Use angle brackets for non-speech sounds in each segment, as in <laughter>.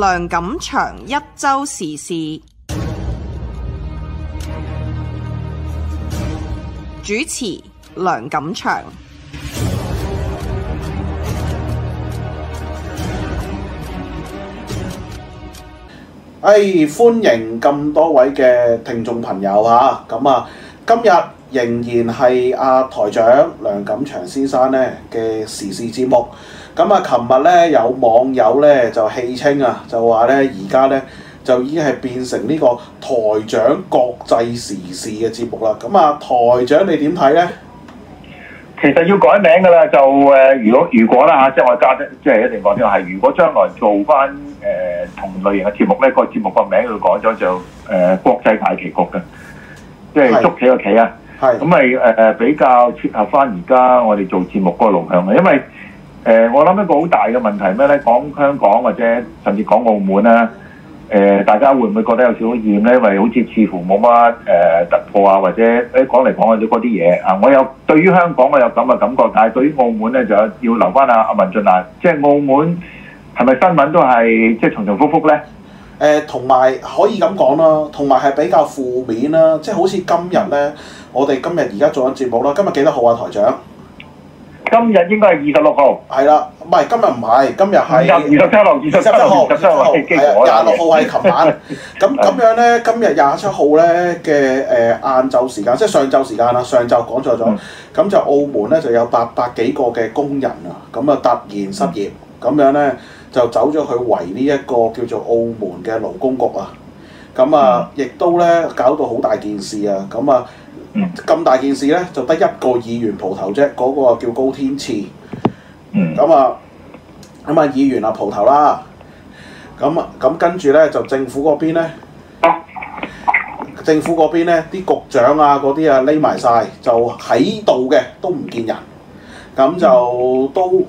梁錦祥一周時事主持，梁錦祥，哎，歡迎咁多位嘅聽眾朋友啊！咁啊，今日仍然係阿台長梁錦祥先生咧嘅時事節目。咁啊！琴日咧有網友咧就戲稱啊，就話咧而家咧就已經係變成呢個台長國際時事嘅節目啦。咁、嗯、啊，台長你點睇咧？其實要改名噶啦，就誒，如果如果啦嚇、啊，即係我揸得，即係一定講呢個係。如果將來做翻誒、呃、同類型嘅節目咧，個節目個名佢改咗就誒、呃、國際大棋局嘅，即係捉個棋個棋啊。咁咪誒比較適合翻而家我哋做節目嗰個路向啊，因為誒、呃，我諗一個好大嘅問題咩咧？講香港或者甚至講澳門咧，誒、呃，大家會唔會覺得有少少厭咧？因為好似似乎冇乜誒突破啊，或者誒講嚟講去都嗰啲嘢啊。我有對於香港我有咁嘅感覺，但係對於澳門咧就要留翻啊阿文俊，是是重重覆覆、呃、啊，即係澳門係咪新聞都係即係重重覆覆咧？誒，同埋可以咁講咯，同埋係比較負面啦，即係好似今日咧，我哋今日而家做緊節目啦，今日幾多號啊台長？今日應該係二十六號。係啦，唔係今日唔係，今日係二十七號，二十七號，二十七號。係啊，廿六號係琴晚。咁咁 <laughs> 樣咧，今日廿七號咧嘅誒晏晝時間，即係上晝時間啦。上晝講錯咗。咁、嗯、就澳門咧就有八百幾個嘅工人啊，咁啊突然失業，咁、嗯、樣咧就走咗去圍呢一個叫做澳門嘅勞工局啊。咁啊、嗯，亦都咧搞到好大件事啊。咁啊。咁大件事咧，就得一個議員蒲頭啫，嗰、那個叫高天賜，咁啊，咁啊議員啊蒲頭啦。咁咁跟住咧，就政府嗰邊咧，政府嗰邊咧啲局長啊嗰啲啊匿埋晒，就喺度嘅，都唔見人。咁就都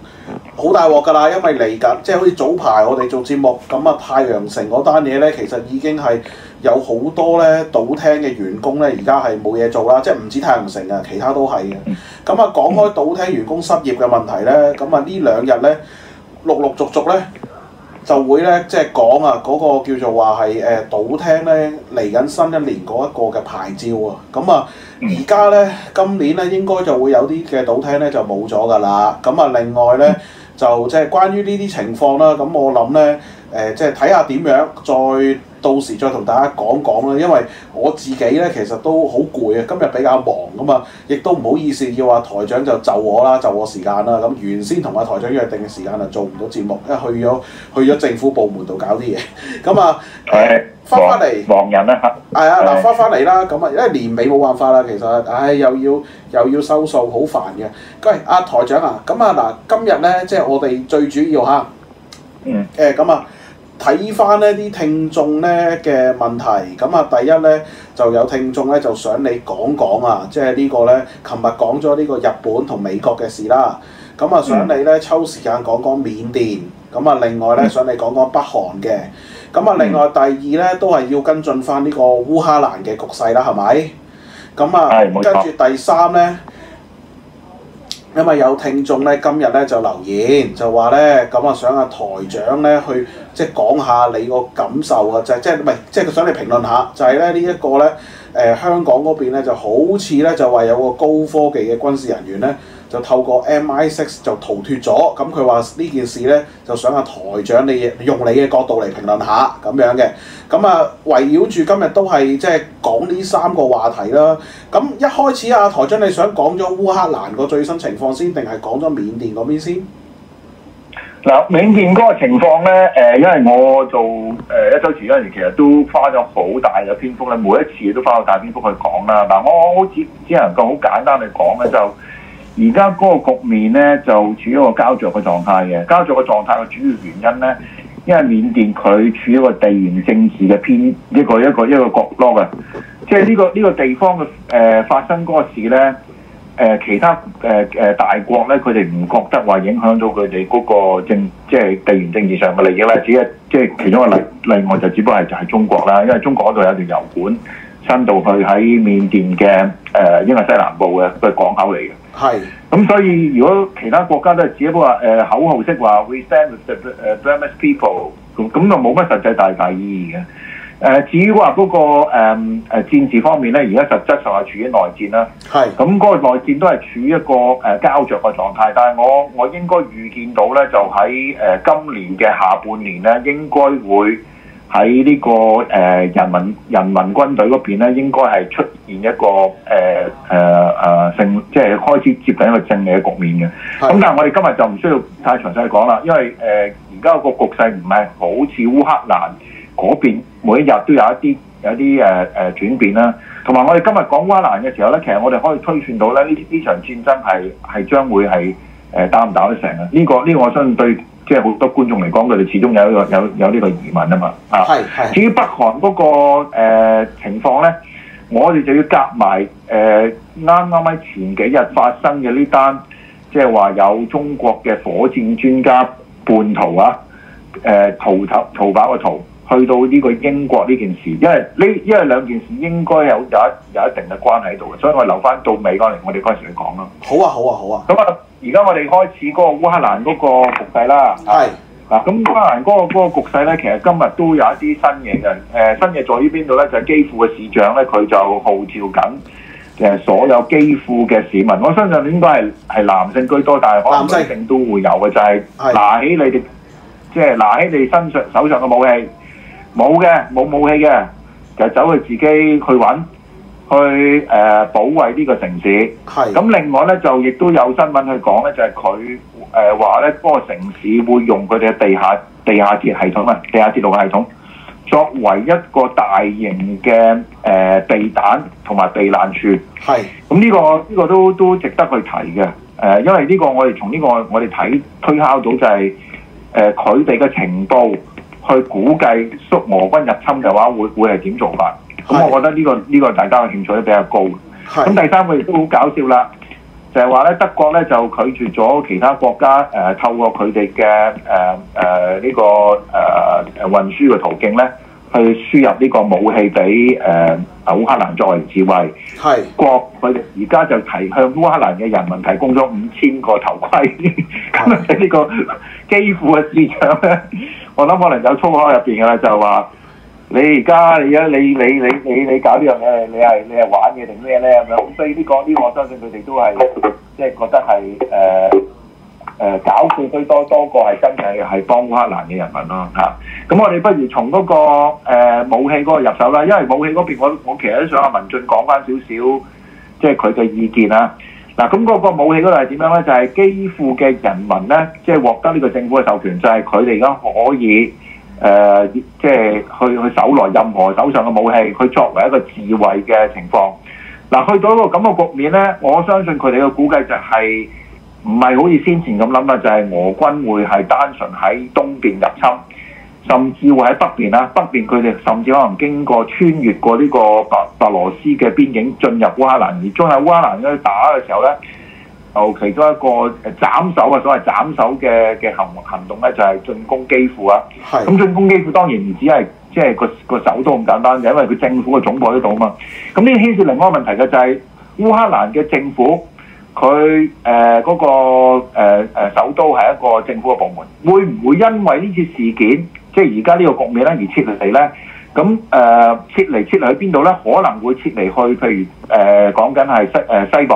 好大鑊㗎啦，因為嚟緊，即係好似早排我哋做節目咁啊，太陽城嗰單嘢咧，其實已經係。有好多咧賭廳嘅員工咧，而家係冇嘢做啦，即係唔止太陽城啊，其他都係嘅。咁啊，講開賭廳員工失業嘅問題咧，咁啊呢兩日咧陸陸續續咧就會咧即係講啊嗰個叫做話係誒賭廳咧嚟緊新一年嗰一個嘅牌照啊。咁啊而家咧今年咧應該就會有啲嘅賭廳咧就冇咗㗎啦。咁啊另外咧就即係關於呢啲情況啦。咁我諗咧誒即係睇下點樣再。到時再同大家講講啦，因為我自己咧其實都好攰啊，今日比較忙啊嘛，亦都唔好意思要阿台長就就我啦，就我時間啦。咁原先同阿台長約定嘅時間啊，做唔到節目，因為去咗去咗政府部門度搞啲嘢。咁、嗯、啊，翻返嚟忙人啦嚇。係啊，嗱，翻返嚟啦，咁啊，因為年尾冇辦法啦，其實，唉、哎，又要又要收數，好煩嘅。喂、嗯，阿台長啊，咁啊嗱，今日咧即係我哋最主要嚇嗯，誒咁啊。嗯睇翻呢啲聽眾咧嘅問題，咁啊第一咧就有聽眾咧就想你講講啊，即係呢個咧，琴日講咗呢個日本同美國嘅事啦，咁啊想你咧抽時間講講緬甸，咁啊另外咧想你講講北韓嘅，咁啊另外第二咧都係要跟進翻呢個烏克蘭嘅局勢啦，係咪？咁啊跟住第三咧。因為有聽眾咧，今日咧就留言就話咧，咁啊想阿台長咧去即係講下你個感受啊，就係即係唔係即係佢想你評論下，就係咧呢一個咧誒香港嗰邊咧就好似咧就話有個高科技嘅軍事人員咧。就透過 MI6 就逃脫咗，咁佢話呢件事咧，就想阿、啊、台長你用你嘅角度嚟評論下咁樣嘅。咁啊，圍繞住今日都係即係講呢三個話題啦。咁一開始阿、啊、台長你想講咗烏克蘭個最新情況先，定係講咗緬甸嗰邊先？嗱、呃，緬甸嗰個情況咧，誒、呃，因為我做誒、呃、一周前嗰陣時其實都花咗好大嘅篇幅咧，每一次都花咗大篇幅去講啦。嗱、呃呃，我好似只能夠好簡單去講咧，就而家嗰個局面咧，就處於一個膠着嘅狀態嘅。膠着嘅狀態嘅主要原因咧，因為緬甸佢處於一個地緣政治嘅偏一個一個一個角落嘅。即係呢個呢、呢個地方嘅誒、呃、發生嗰個事咧，誒、呃、其他誒誒、呃、大國咧，佢哋唔覺得話影響到佢哋嗰個政，即係地緣政治上嘅利益啦。只係即係其中一個例例外就只不過係就係中國啦，因為中國嗰度有條油管伸到去喺緬甸嘅誒，因、呃、為西南部嘅一個港口嚟嘅。係，咁是、嗯、所以如果其他國家都係只不過誒、呃、口號式話，We stand with the 誒 Burmese people，咁咁就冇乜實際大大意義嘅。誒、呃、至於話嗰、那個誒誒、呃、戰事方面咧，而家實質上係處於內戰啦。係是，咁嗰、嗯那個內戰都係處於一個誒膠着嘅狀態，但係我我應該預見到咧，就喺誒、呃、今年嘅下半年咧，應該會。喺呢、這個誒、呃、人民人民軍隊嗰邊咧，應該係出現一個誒誒誒勝，即係開始接近一個勝利嘅局面嘅。咁的但係我哋今日就唔需要太詳細去講啦，因為誒而家個局勢唔係好似烏克蘭嗰邊，每一日都有一啲有啲誒誒轉變啦、啊。同埋我哋今日講烏克蘭嘅時候咧，其實我哋可以推算到咧，呢呢場戰爭係係將會係誒、呃、打唔打得成嘅。呢、這個呢、這個我相信對。即係好多觀眾嚟講，佢哋始終有有有有呢個疑問啊嘛，啊，至於北韓嗰個、呃、情況咧，我哋就要夾埋誒啱啱喺前幾日發生嘅呢單，即係話有中國嘅火箭專家叛徒啊誒逃逃逃跑嘅逃。呃去到呢個英國呢件事，因為呢因為兩件事應該有有一有一定嘅關係喺度嘅，所以我留翻到尾嗰陣，我哋嗰陣時去講啦。好啊，好啊，好啊。咁啊，而家我哋開始嗰個烏克蘭嗰個局勢啦。係是。嗱，咁烏克蘭嗰、那個那個局勢咧，其實今日都有一啲新嘢嘅。誒、呃，新嘢在於邊度咧？就係、是、基輔嘅市長咧，佢就號召緊誒所有基輔嘅市民。我相信應該係係男性居多，但係可能女性都會有嘅，就係、是、拿起你哋即係拿起你身上手上嘅武器。冇嘅，冇武器嘅，就走去自己去揾，去誒、呃、保衛呢個城市。係。咁另外呢，就亦都有新聞去講呢就係佢誒話呢嗰、那個城市會用佢哋嘅地下地下鐵系統啊，地下鐵路嘅系統作為一個大型嘅誒避彈同埋避難處。係是的、這個。咁呢個呢個都都值得去提嘅，誒、呃，因為呢個我哋從呢個我哋睇推敲到就係佢哋嘅情報。去估計蘇俄軍入侵嘅話，會會係點做法？咁是的 我覺得呢、這個呢、這個大家嘅興趣都比較高。咁是的 第三個亦都好搞笑啦，就係話咧德國咧就拒絕咗其他國家誒、呃、透過佢哋嘅誒誒呢個誒、呃、運輸嘅途徑咧，去輸入呢個武器俾誒烏克蘭作為自衛。係是的 國佢哋而家就提向烏克蘭嘅人民提供咗五千個頭盔，咁 <laughs> 呢、這個幾乎嘅市場咧。我諗可能有粗口入邊嘅啦，就話你而家而家你你你你你搞呢樣嘢，你係你係玩嘢定咩咧咁？所以呢、呢個呢、呢個我相信佢哋都係即係覺得係誒誒搞笑居多多過係真嘅，係幫烏克蘭嘅人民咯嚇。咁、啊、我哋不如從嗰、嗰個、呃、武器嗰個入手啦，因為武器嗰邊我我其實都想阿文進講翻少少，即係佢嘅意見啦。嗱，咁嗰個武器嗰度係點樣呢？就係、是、基輔嘅人民呢，即、就、係、是、獲得呢個政府嘅授權，就係佢哋而家可以誒，即、呃、係、就是、去去守攞任何手上嘅武器，去作為一個自衛嘅情況。嗱，去到一個咁嘅局面呢，我相信佢哋嘅估計就係唔係好似先前咁諗啦，就係、是、俄軍會係單純喺東邊入侵。甚至會喺北邊啦，北邊佢哋甚至可能經過穿越過呢個白白羅斯嘅邊境，進入烏克蘭。而將喺烏克蘭咧打嘅時候咧，就其中一個誒斬首啊，所謂斬首嘅嘅行行動咧，就係進攻基輔啊。咁進攻基輔當然唔止係即係個個首都咁簡單，嘅，因為佢政府嘅總部喺度啊嘛。咁呢個牽涉另外一個問題嘅就係、是、烏克蘭嘅政府，佢誒嗰個誒、呃、首都係一個政府嘅部門，會唔會因為呢次事件？即係而家呢個局面咧，而撤佢哋咧，咁誒、呃、撤嚟撤嚟去邊度咧？可能會撤嚟去，譬如誒、呃、講緊係西誒、呃、西部，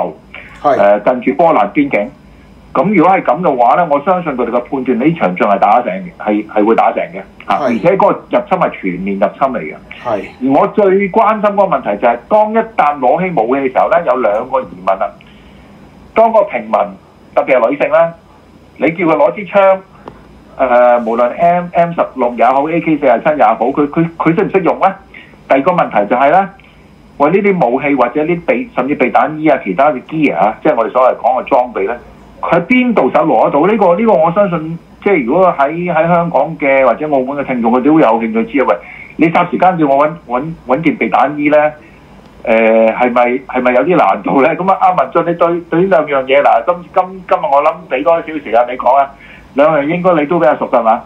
係誒是、呃、近住波蘭邊境。咁、嗯、如果係咁嘅話咧，我相信佢哋嘅判斷，呢場仗係打成，係係會打成嘅嚇。是而且嗰個入侵係全面入侵嚟嘅。是而我最關心嗰個問題就係、是，當一旦攞起武器嘅時候咧，有兩個疑問啦。當個平民特別係女性咧，你叫佢攞支槍。誒、呃，無論 M M 十六也好，AK 四廿七也好，佢佢佢識唔識用咧？第二個問題就係、是、咧，喂，呢啲武器或者啲備，甚至避彈衣啊，其他嘅 gear 啊，即係我哋所謂講嘅裝備咧、啊，佢喺邊度手攞得到？呢個呢個，這個、我相信即係如果喺喺香港嘅或者澳門嘅聽眾，佢哋都有興趣知啊。喂，你霎時間叫我揾揾件避彈衣咧？誒、呃，係咪係咪有啲難度咧？咁啊，阿文進，你對對兩呢兩樣嘢嗱，今今今日我諗俾多少時間你講啊？兩樣應該你都比較熟㗎嘛？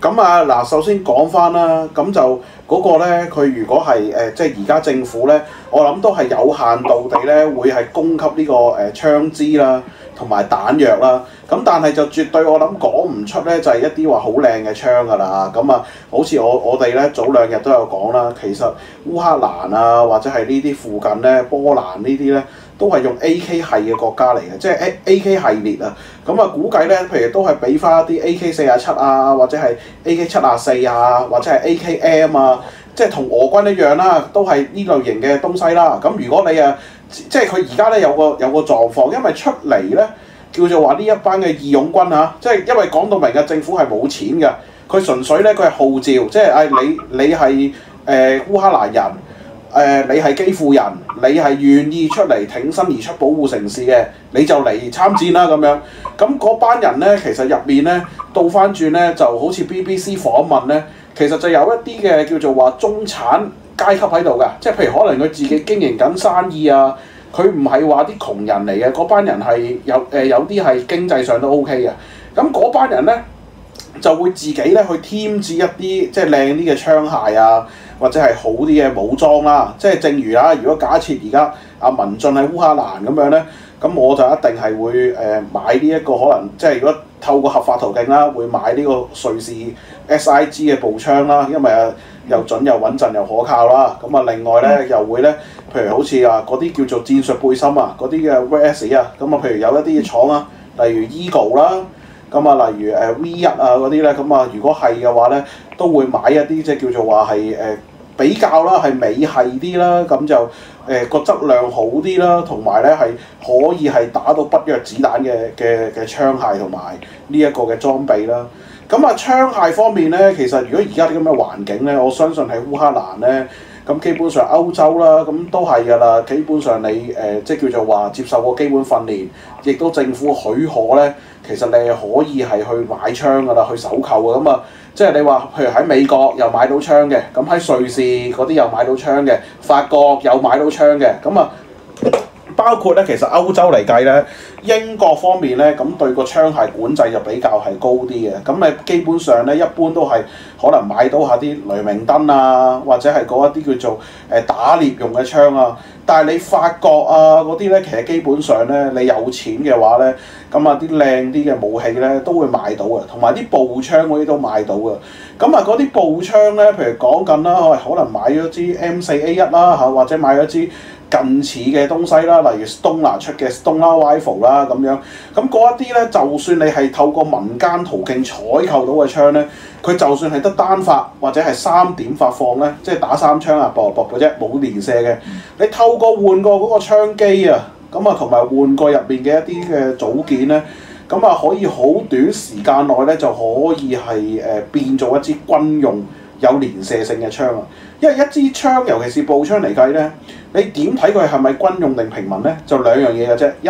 咁啊嗱，首先講翻啦，咁就嗰個咧，佢如果係誒，即係而家政府咧，我諗都係有限度地咧，會係供給呢個誒槍支啦，同埋彈藥啦。咁但係就絕對我諗講唔出咧，就係一啲話好靚嘅槍㗎啦。咁啊，好似我我哋咧早兩日都有講啦，其實烏克蘭啊，或者係呢啲附近咧，波蘭呢啲咧。都係用 AK 系嘅國家嚟嘅，即係 A AK 系列啊。咁啊，估計咧，譬如都係俾翻一啲 AK 四七啊，或者係 AK 七四啊，或者係 AKM 啊，即係同俄軍一樣啦、啊，都係呢類型嘅東西啦、啊。咁如果你啊，即係佢而家咧有個有個狀況，因為出嚟咧叫做話呢一班嘅義勇軍啊，即係因為講到明嘅政府係冇錢嘅，佢純粹咧佢係號召，即係誒你你係誒、呃、烏克蘭人。誒、呃，你係基輔人，你係願意出嚟挺身而出保護城市嘅，你就嚟參戰啦咁樣。咁嗰班人咧，其實入面咧，倒翻轉咧，就好似 BBC 訪問咧，其實就有一啲嘅叫做話中產階級喺度嘅，即係譬如可能佢自己經營緊生意啊，佢唔係話啲窮人嚟嘅，嗰班人係有誒、呃、有啲係經濟上都 OK 嘅。咁嗰班人咧就會自己咧去添置一啲即係靚啲嘅槍械啊。或者係好啲嘅武裝啦、啊，即係正如啊，如果假設而家阿文進喺烏克蘭咁樣咧，咁我就一定係會誒買呢一個可能，即係如果透過合法途徑啦、啊，會買呢個瑞士 SIG 嘅步槍啦、啊，因為啊又準又穩陣又可靠啦。咁啊，另外咧又會咧，譬如好似啊嗰啲叫做戰術背心啊，嗰啲嘅 VS 啊，咁啊，譬如有一啲廠啊，例如 Eagle 啦、啊。咁啊，例如誒 V 一啊嗰啲咧，咁啊，如果係嘅話咧，都會買一啲即係叫做話係誒比較啦，係美系啲啦，咁就誒個、呃、質量好啲啦，同埋咧係可以係打到北約子彈嘅嘅嘅槍械同埋呢一個嘅裝備啦。咁啊，槍械方面咧，其實如果而家啲咁嘅環境咧，我相信喺烏克蘭咧。咁基本上歐洲啦，咁都係噶啦。基本上你誒、呃、即係叫做話接受過基本訓練，亦都政府許可咧，其實你係可以係去買槍噶啦，去搜購嘅咁啊。即係你話譬如喺美國又買到槍嘅，咁、嗯、喺瑞士嗰啲又買到槍嘅，法國又買到槍嘅，咁、嗯、啊。嗯包括咧，其實歐洲嚟計咧，英國方面咧，咁對個槍械管制就比較係高啲嘅。咁你基本上咧，一般都係可能買到下啲雷明登啊，或者係嗰一啲叫做誒打獵用嘅槍啊。但係你發覺啊，嗰啲咧，其實基本上咧，你有錢嘅話咧，咁啊，啲靚啲嘅武器咧都會買到嘅，同埋啲步槍嗰啲都買到嘅。咁啊，嗰啲步槍咧，譬如講緊啦，可能買咗支 M 四 A 一啦嚇，或者買咗支近似嘅東西啦，例如 Stoner 出嘅 Stoner Rifle 啦咁樣，咁嗰一啲咧，就算你係透過民間途徑採購到嘅槍咧，佢就算係得單發或者係三點發放咧，即係打三槍啊，卜卜嘅啫，冇連射嘅。嗯、你透過換過嗰個槍機啊，咁啊同埋換過入邊嘅一啲嘅組件咧，咁啊可以好短時間內咧就可以係誒、呃、變做一支軍用，有連射性嘅槍啊，因為一支槍，尤其是步槍嚟計咧，你點睇佢係咪軍用定平民咧？就兩樣嘢嘅啫，一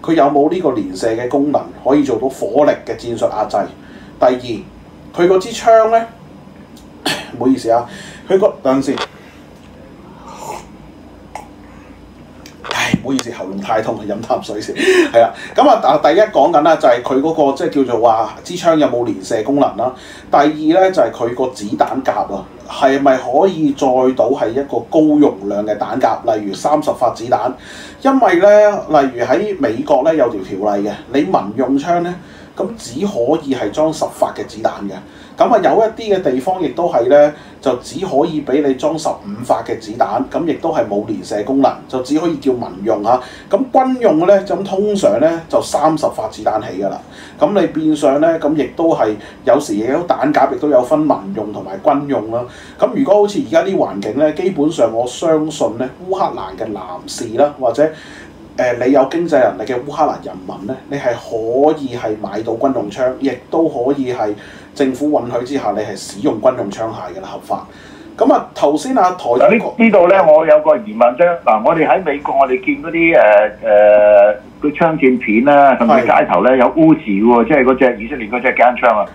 佢有冇呢個連射嘅功能，可以做到火力嘅戰術壓制；第二，佢嗰支槍咧，唔 <coughs> 好意思啊，佢、嗰個等陣唔好意思喉嚨太痛，飲啖水先。係啊，咁啊啊，第一講緊咧就係佢嗰個即係叫做話支槍有冇連射功能啦。第二咧就係佢個子彈夾啊，係咪可以載到係一個高容量嘅彈夾，例如三十發子彈？因為咧，例如喺美國咧有條條例嘅，你民用槍咧咁只可以係裝十發嘅子彈嘅。咁啊，有一啲嘅地方亦都係咧，就只可以俾你裝十五發嘅子彈，咁亦都係冇連射功能，就只可以叫民用嚇、啊。咁軍用咧，就咁通常咧就三十發子彈起㗎啦。咁你變相咧，咁亦都係有時亦都彈夾亦都有分民用同埋軍用啦、啊。咁如果好似而家啲環境咧，基本上我相信咧，烏克蘭嘅男士啦，或者。誒、呃，你有經濟能力嘅烏克蘭人民咧，你係可以係買到軍用槍，亦都可以係政府允許之下，你係使用軍用槍械㗎啦，合法。咁啊，頭先阿台，呢個呢度咧，我有個疑問啫。嗱、啊，我哋喺美國我，我哋見嗰啲誒誒嗰槍戰片啦、啊，甚至街頭咧的有烏字喎，即係嗰隻以色列嗰隻間槍啊。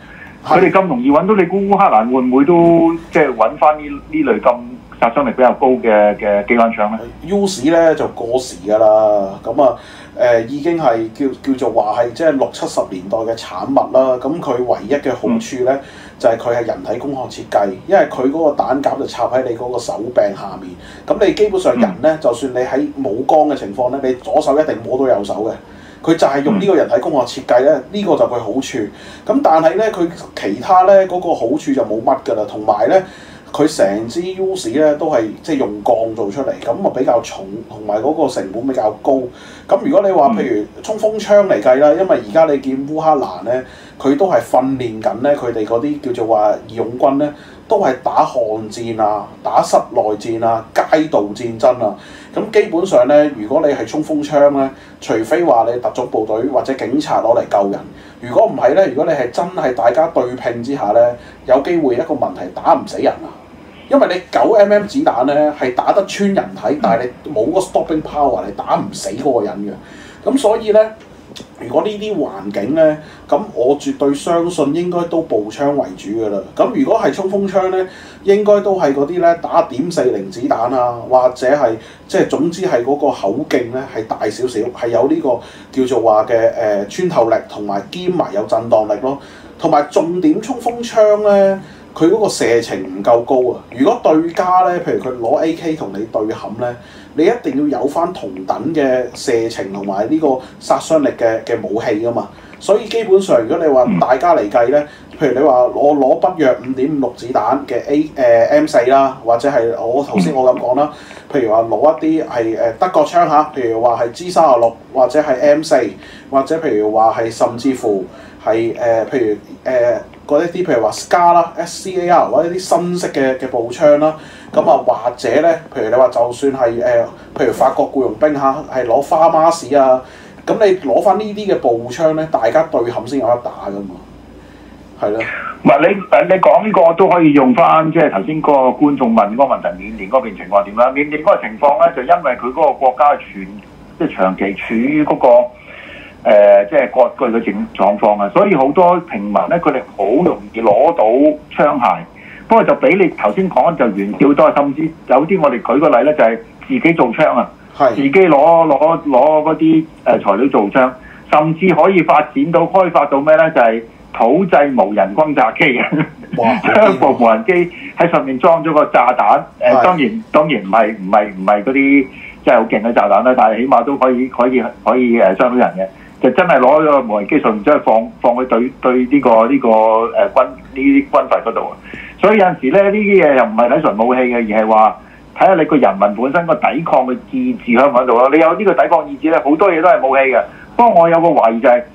佢哋咁容易揾到，你估烏克蘭會唔會都即係揾翻呢呢類咁？殺傷力比較高嘅嘅機關槍咧，Uzi 咧就過時㗎啦。咁、嗯、啊，誒、呃、已經係叫叫做話係即係六七十年代嘅產物啦。咁、嗯、佢唯一嘅好處咧，就係佢係人體工學設計，嗯、因為佢嗰個彈夾就插喺你嗰個手柄下面。咁你基本上人咧，就算你喺冇光嘅情況咧，你左手一定摸到右手嘅。佢就係用呢個人體工學設計咧，呢、嗯、個就佢好處。咁、嗯、但係咧，佢其他咧嗰、那個好處就冇乜㗎啦。同埋咧。佢成支 U 士咧都係即係用鋼做出嚟，咁啊比較重，同埋嗰個成本比較高。咁如果你話譬如衝鋒槍嚟計啦，因為而家你見烏克蘭咧，佢都係訓練緊咧，佢哋嗰啲叫做話義勇軍咧，都係打巷戰啊、打室內戰啊、街道戰爭啊。咁基本上咧，如果你係衝鋒槍咧，除非話你特種部隊或者警察攞嚟救人，如果唔係咧，如果你係真係大家對拼之下咧，有機會有一個問題打唔死人啊！因為你九 mm 子彈咧係打得穿人體，但係你冇個 stopping power，你打唔死嗰個人嘅。咁所以咧，如果呢啲環境咧，咁我絕對相信應該都步槍為主噶啦。咁如果係衝鋒槍咧，應該都係嗰啲咧打點四零子彈啊，或者係即係總之係嗰個口徑咧係大少少，係有呢個叫做話嘅誒穿透力同埋兼埋有震盪力咯。同埋重點衝鋒槍咧。佢嗰個射程唔夠高啊！如果對家咧，譬如佢攞 AK 同你對冚咧，你一定要有翻同等嘅射程同埋呢個殺傷力嘅嘅武器噶嘛。所以基本上，如果你話大家嚟計咧，譬如你話攞攞北約五點五六子彈嘅 A 誒、呃、M 四啦，或者係我頭先我咁講啦，譬如話攞一啲係誒德國槍嚇，譬如話係 G 三十六，或者係 M 四，或者譬如話係甚至乎係誒、呃、譬如誒。呃嗰一啲譬如話 SCAR 啦，SCAR 或者一啲新式嘅嘅步槍啦，咁啊或者咧，譬如你話就算係誒、呃，譬如法國僱傭兵吓係攞花瑪士啊，咁你攞翻呢啲嘅步槍咧，大家對冚先有得打㗎嘛，係咯。唔係你誒，你講呢個都可以用翻，即係頭先個觀眾問嗰個問題，就是、緬甸嗰邊情況係點啦？緬甸嗰個情況咧，就因為佢嗰個國家係全即係長期處於嗰、那個。誒、呃，即係割據嘅情狀況啊，所以好多平民咧，佢哋好容易攞到槍械，不過就比你頭先講就遠少多，甚至有啲我哋舉個例咧，就係自己做槍啊，係是自己攞攞攞嗰啲誒材料做槍，甚至可以發展到開發到咩咧，就係、是、土製無人轟炸機啊，將部哇 <laughs> 無人機喺上面裝咗個炸彈，誒是、呃、當然當然唔係唔係唔係嗰啲真係好勁嘅炸彈啦，但係起碼都可以可以可以誒、uh, 傷到人嘅。就真係攞咗個無人機上，即係放放去對對呢、呢個呢、呢個誒、呃、軍呢啲軍費嗰度啊！所以有陣時咧，呢啲嘢又唔係睇純武器嘅，而係話睇下你個人民本身個抵抗嘅意志喺唔喺度咯。你有呢個抵抗意志咧，好多嘢都係武器嘅。不過我有個懷疑就係、是，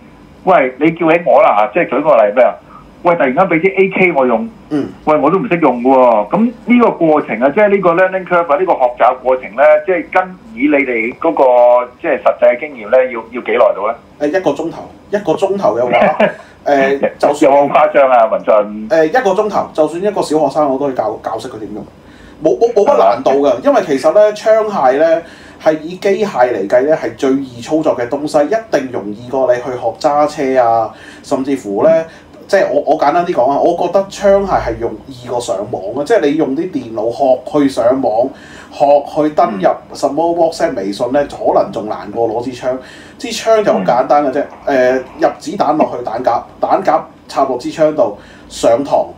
喂，你叫起我啦嚇，即係舉個例咩啊？喂，突然間俾啲 AK 我用，嗯、喂，我都唔識用嘅喎、哦。咁呢個過程啊，即係呢個 learning curve，呢、啊這個學習過程咧，即、就、係、是、跟以你哋嗰、那個即係、就是、實際嘅經驗咧，要要幾耐到咧？誒一個鐘頭，一個鐘頭嘅話，誒、 <laughs> 呃、就算有冇咁誇張啊，文進？誒、呃、一個鐘頭，就算一個小學生我都去教教識佢點用，冇冇冇乜難度嘅。的因為其實咧，槍械咧係以機械嚟計咧，係最易操作嘅東西，一定容易過你去學揸車啊，甚至乎咧。嗯即係我我簡單啲講啊，我覺得槍係係容易過上網啊！即係你用啲電腦學去上網，學去登入什麼、um、WhatsApp、微信咧，可能仲難過攞支槍。支槍就好簡單嘅啫。誒、呃，入子彈落去彈夾，彈夾插落支槍度，上膛，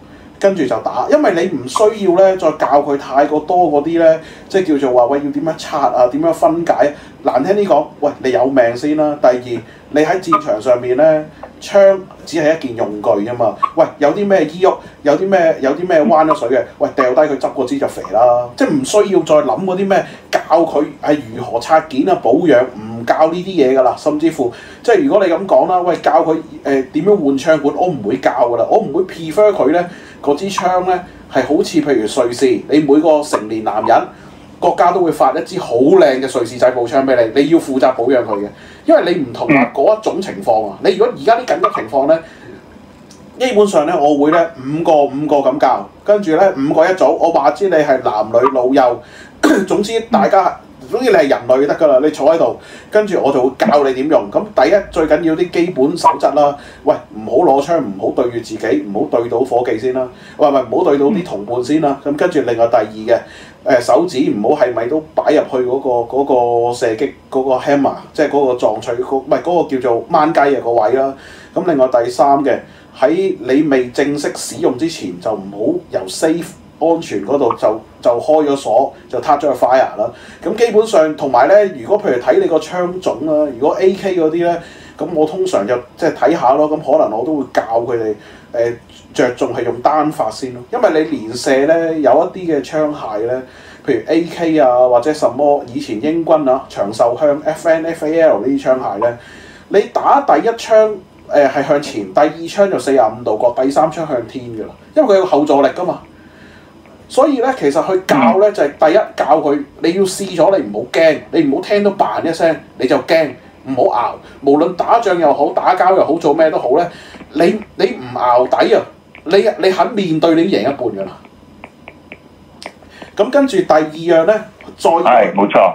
跟住就打。因為你唔需要咧，再教佢太過多嗰啲咧，即係叫做話喂要點樣拆啊，點樣分解。難聽啲、這、講、個，喂你有命先啦、啊。第二，你喺戰場上面咧，槍，只係一件用具啫嘛，喂，有啲咩衣喐，有啲咩有啲咩彎咗水嘅，喂，掉低佢執嗰支就肥啦，即係唔需要再諗嗰啲咩教佢係如何拆件啊保養，唔教呢啲嘢噶啦，甚至乎即係如果你咁講啦，喂，教佢誒點樣換槍管，我唔會教噶啦，我唔會 prefer 佢咧，嗰支槍咧係好似譬如瑞士，你每個成年男人。國家都會發一支好靚嘅瑞士製步槍俾你，你要負責保養佢嘅，因為你唔同嗰一種情況啊。你如果而家啲緊急情況咧，基本上咧，我會咧五個五個咁教，跟住咧五個一組。我話知你係男女老幼， <coughs> 總之大家。總之你係人類就得㗎啦，你坐喺度，跟住我就會教你點用。咁第一最緊要啲基本守則啦。喂，唔好攞槍，唔好對住自己，唔好對到夥計先啦。喂，唔好對到啲同伴先啦。咁跟住另外第二嘅，誒手指唔好係咪都擺入去嗰個嗰個射擊嗰個 hammer，即係嗰個撞錘唔係嗰個叫做掹雞嘅個位啦。咁另外第三嘅，喺你未正式使用之前就唔好由 safe 安全嗰度就。就開咗鎖，就撻咗個 fire 啦。咁基本上同埋咧，如果譬如睇你個槍種啦，如果 AK 嗰啲咧，咁我通常就即係睇下咯。咁可能我都會教佢哋誒著重係用單發先咯。因為你連射咧，有一啲嘅槍械咧，譬如 AK 啊或者什麼以前英軍啊長壽香 FN FAL 呢啲槍械咧，你打第一槍誒係、呃、向前，第二槍就四十五度角，第三槍向天㗎啦，因為佢有後座力㗎嘛。所以咧，其實去教咧就係、是、第一教佢，你要試咗你唔好驚，你唔好聽到爆一聲你就驚，唔好熬。無論打仗又好，打交又好，做咩都好咧，你你唔熬底啊，你你，你肯面對你贏一半噶啦。咁跟住第二樣咧，再係冇錯，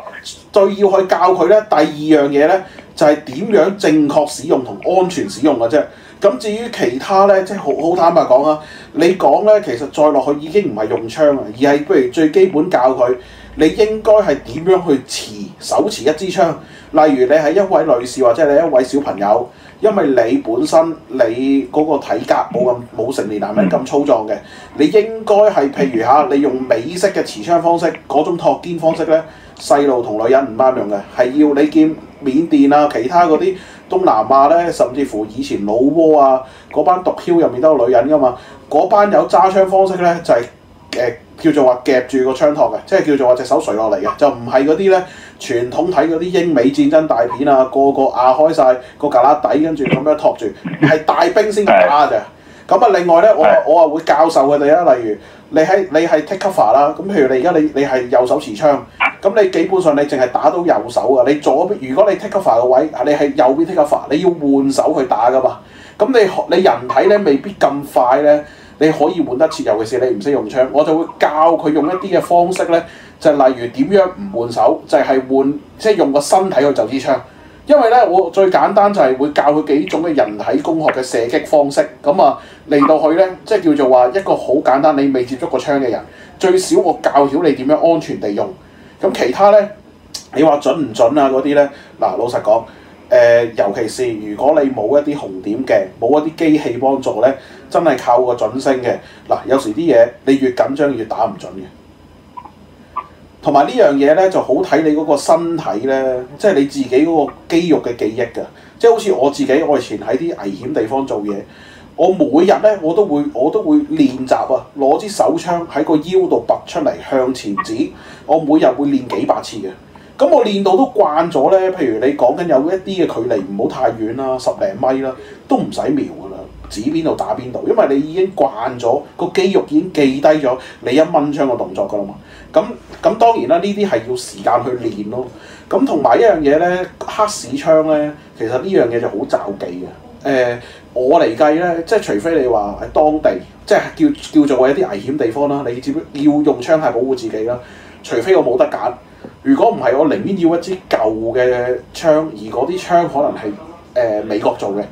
再要去教佢咧，第二樣嘢咧就係、是、點樣正確使用同安全使用嘅啫。咁至於其他咧，即係好好坦白講啊，你講咧，其實再落去已經唔係用槍啊，而係不如最基本教佢，你應該係點樣去持手持一支槍。例如你係一位女士，或者你一位小朋友，因為你本身你嗰個體格冇咁冇成年男人咁粗壯嘅，你應該係譬如吓你用美式嘅持槍方式嗰種托肩方式咧，細路同女人唔啱用嘅，係要你劍。緬甸啊，其他嗰啲東南亞咧，甚至乎以前老撾啊，嗰班毒梟入面都有女人噶嘛。嗰班有揸槍方式咧，就係、是、誒、呃、叫做話夾住個槍托嘅，即係叫做話隻手垂落嚟嘅，就唔係嗰啲咧傳統睇嗰啲英美戰爭大片啊，個個壓開晒，個格喇底，跟住咁樣托住，係大兵先打嘅。咁啊，另外咧，我我啊會教授佢哋啊，例如。你喺你係 take cover 啦，咁譬如你而家你你係右手持槍，咁你基本上你淨係打到右手啊。你左邊如果你 take cover 嘅位，你係右邊 take cover，你要換手去打㗎嘛。咁你你人體咧未必咁快咧，你可以換得切，尤其是你唔識用，用槍，我就會教佢用一啲嘅方式咧，就是、例如點樣唔換手，就係、是、換即係、就是、用個身體去就支槍。因為咧，我最簡單就係會教佢幾種嘅人體工學嘅射擊方式，咁啊嚟到佢咧，即係叫做話一個好簡單，你未接觸過槍嘅人，最少我教曉你點樣安全地用。咁其他咧，你話準唔準啊呢？嗰啲咧，嗱，老實講，誒、呃，尤其是如果你冇一啲紅點鏡，冇一啲機器幫助咧，真係靠個準星嘅。嗱，有時啲嘢你越緊張越打唔準嘅。同埋呢樣嘢咧，就好睇你嗰個身體咧，即係你自己嗰個肌肉嘅記憶㗎。即係好似我自己，我以前喺啲危險地方做嘢，我每日咧我都會，我都會練習啊，攞支手槍喺個腰度拔出嚟向前指。我每日會練幾百次嘅。咁，嗯，我練到都慣咗咧。譬如你講緊有一啲嘅距離唔好太遠啦，十零米啦，都唔使瞄㗎啦，指邊度打邊度，因為你已經慣咗，個肌肉已經記低咗你一蚊槍嘅動作㗎啦嘛。咁咁當然啦，呢啲係要時間去練咯。咁同埋一樣嘢咧，黑市槍咧，其實呢樣嘢就好招忌嘅。誒、呃，我嚟計咧，即係除非你話喺當地，即係叫叫做一啲危險地方啦，你至少要用槍嚟保護自己啦。除非我冇得揀，如果唔係，我寧願要一支舊嘅槍，而嗰啲槍可能係誒、呃、美國做嘅，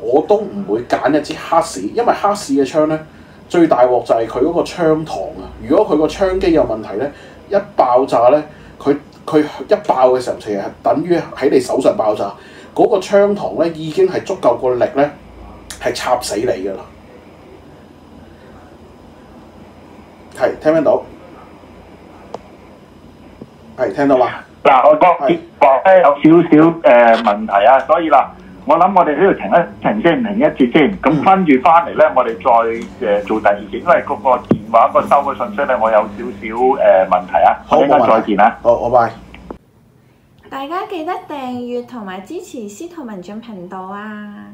我都唔會揀一支黑市，因為黑市嘅槍咧，最大鑊就係佢嗰個槍膛啊。如果佢個槍機有問題咧，一爆炸咧，佢佢一爆嘅時候，其實係等於喺你手上爆炸，嗰、那個槍膛咧已經係足夠個力咧，係插死你噶啦。係，聽得到？係聽到啦。嗱，我個結結有少少誒問題啊，所以啦。我諗我哋呢度停一停先，停一節先，咁跟住翻嚟咧，我哋再誒、呃、做第二節，因為嗰個電話 <noise> 收個收嘅信息咧，我有少少誒問題啊，好陣間，再見啦，好，好拜。大家記得訂閱同埋支持司徒文進頻道啊！